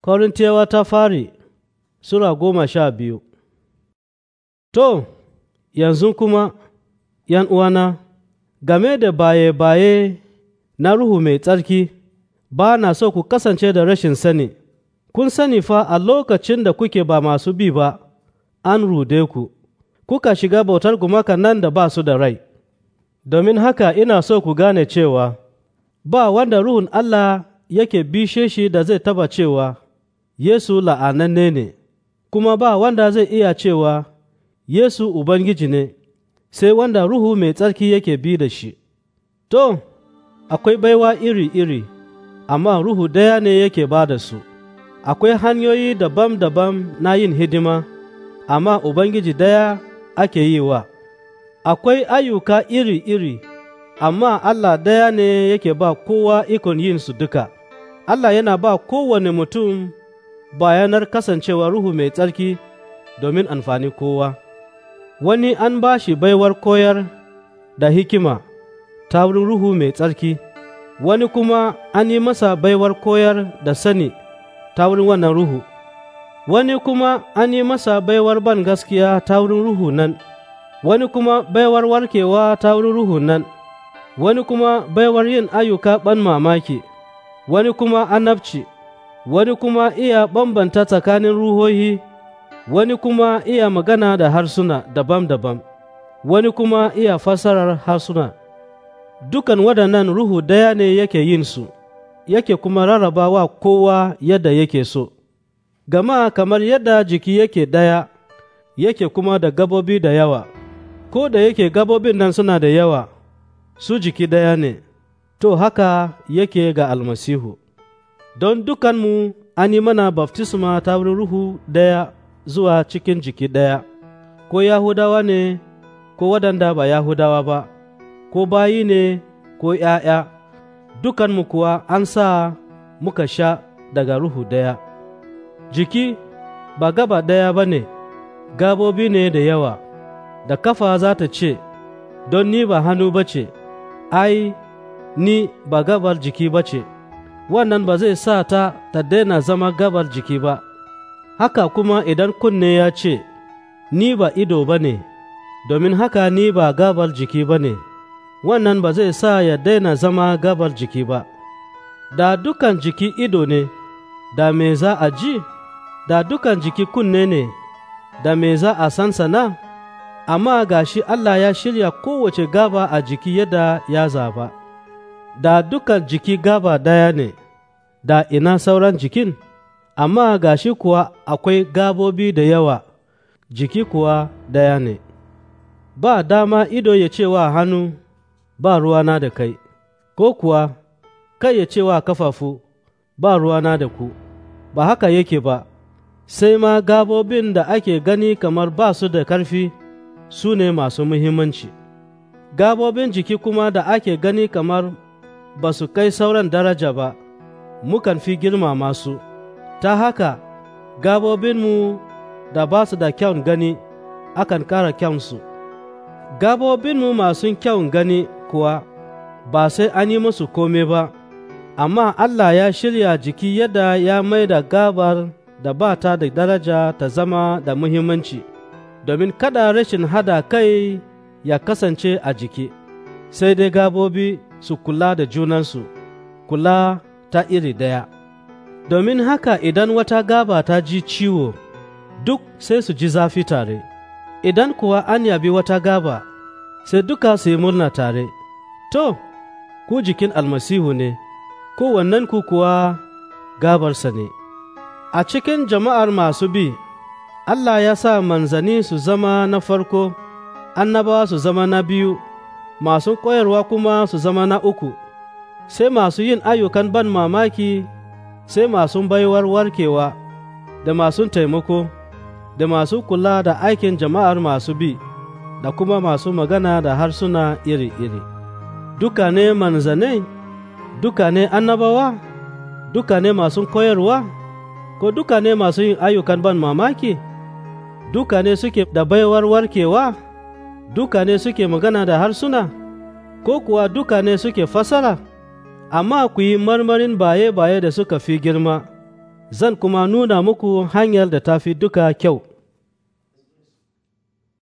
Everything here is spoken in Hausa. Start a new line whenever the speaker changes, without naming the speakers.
Korintiyawa ta fari Sura goma sha biyu To, yanzu kuma, ’yan uwana, game da baye-baye na Ruhu Mai Tsarki, ba na so ku kasance da rashin sani, kun sani fa a lokacin da kuke ba masu bi ba, an rude ku, kuka shiga bautar gumaka nan da ba su da rai. Domin haka ina so ku gane cewa, ba wanda Ruhun Allah yake bishe shi da zai taba cewa, Yesu la'ananne ne, kuma ba wanda zai iya cewa Yesu Ubangiji ne, sai wanda Ruhu mai tsarki yake bi da shi. To, akwai baiwa iri-iri, amma Ruhu ɗaya ne yake ba da su, akwai hanyoyi daban-daban na yin hidima, amma Ubangiji ɗaya ake yi wa. Akwai ayyuka iri-iri, amma Allah ɗaya ne yake ba kowa ikon yin su duka. Allah yana ba kowane mutum bayanar kasancewa Ruhu mai tsarki domin amfani kowa, wani an ba shi baiwar koyar da hikima ta wurin Ruhu mai tsarki, wani kuma an yi masa baiwar koyar da sani ta wurin wannan Ruhu, wani kuma an yi masa baiwar ban gaskiya ta wurin Ruhu nan, wani kuma baiwar warkewa ta wurin Ruhu nan, wani kuma baiwar yin ayyuka ban mamaki, wani kuma annabci. wani kuma iya bambanta tsakanin ruhohi, wani kuma iya magana da harsuna daban-daban, wani kuma iya fasarar harsuna. Dukan waɗannan ruhu ɗaya ne yake yin su, yake kuma rarraba wa kowa yadda yake so. Gama kamar yadda jiki yake daya, yake kuma da gabobi da yawa, ko da yake gabobin nan suna da yawa, su jiki daya ne, to haka yake ga almasihu. don dukanmu an yi mana baftisma ta wurin ruhu ɗaya zuwa cikin jiki ɗaya, ko Yahudawa ne, ko waɗanda ba Yahudawa ba, ko bayi ne, ko ’ya'ya, dukanmu kuwa an sa muka sha daga ruhu ɗaya. Jiki ba gaba ɗaya ba ne, gabobi ne da yawa, da kafa za ta ce, don ni ba hannu ba ce, ai, ni ba gabar jiki ba ce. wannan ba zai sa ta ta daina zama gabar jiki ba, haka kuma idan kunne ya ce, Ni ba ido ba ne, domin haka ni ba gabar jiki ba ne, wannan ba zai sa ya daina zama gabar jiki ba. Da dukan jiki ido ne, da me za a ji, da dukan jiki kunne ne, da me za a sansana, amma ga shi Allah ya shirya kowace gaba a jiki yadda ya zaba. da dukan jiki gaba ɗaya ne, da ina sauran jikin, amma ga shi kuwa akwai gabobi da yawa, jiki kuwa daya ne. Ba dama ido ya ce wa hannu ba ruwana da kai, ko kuwa kai ya ce wa kafafu ba ruwana da ku, ba haka yake ba, sai ma gabobin da ake gani kamar ba su da ƙarfi su ne masu muhimmanci. Gabobin jiki kuma da ake gani kamar ba su kai sauran daraja ba, mukan fi girmama su, ta haka gabobinmu da ba su da kyawun gani akan ƙara su Gabobinmu masu kyawun gani kuwa ba sai an yi musu kome ba, amma Allah ya shirya jiki yadda ya mai da gabar da ba ta da daraja ta zama da muhimmanci, domin kada rashin hada kai ya kasance a jiki, sai dai gabobi su kula da junansu, kula ta iri ɗaya. Domin haka idan wata gaba ta ji ciwo, duk sai su ji zafi tare, idan kuwa an yabi wata gaba, sai duka su yi murna tare. To, ku jikin almasihu ne, wannan ku kuwa gabarsa ne. A cikin jama'ar masu bi, Allah ya sa manzani su zama na farko, annabawa su zama na biyu. masu koyarwa kuma su zama na uku, sai masu yin ayyukan ban mamaki, sai masu baiwar warkewa, da masu taimako, da masu kula da aikin jama'ar masu bi, da kuma masu magana da harsuna iri-iri. Duka ne manzanai, duka ne annabawa, duka ne masu koyarwa, ko duka ne masu yin ayyukan ban mamaki, duka ne suke da baiwar warkewa. duka ne suke magana da harsuna, ko kuwa duka ne suke fasara, amma ku yi marmarin baye-baye da suka fi girma, zan kuma nuna muku hanyar da ta fi duka kyau.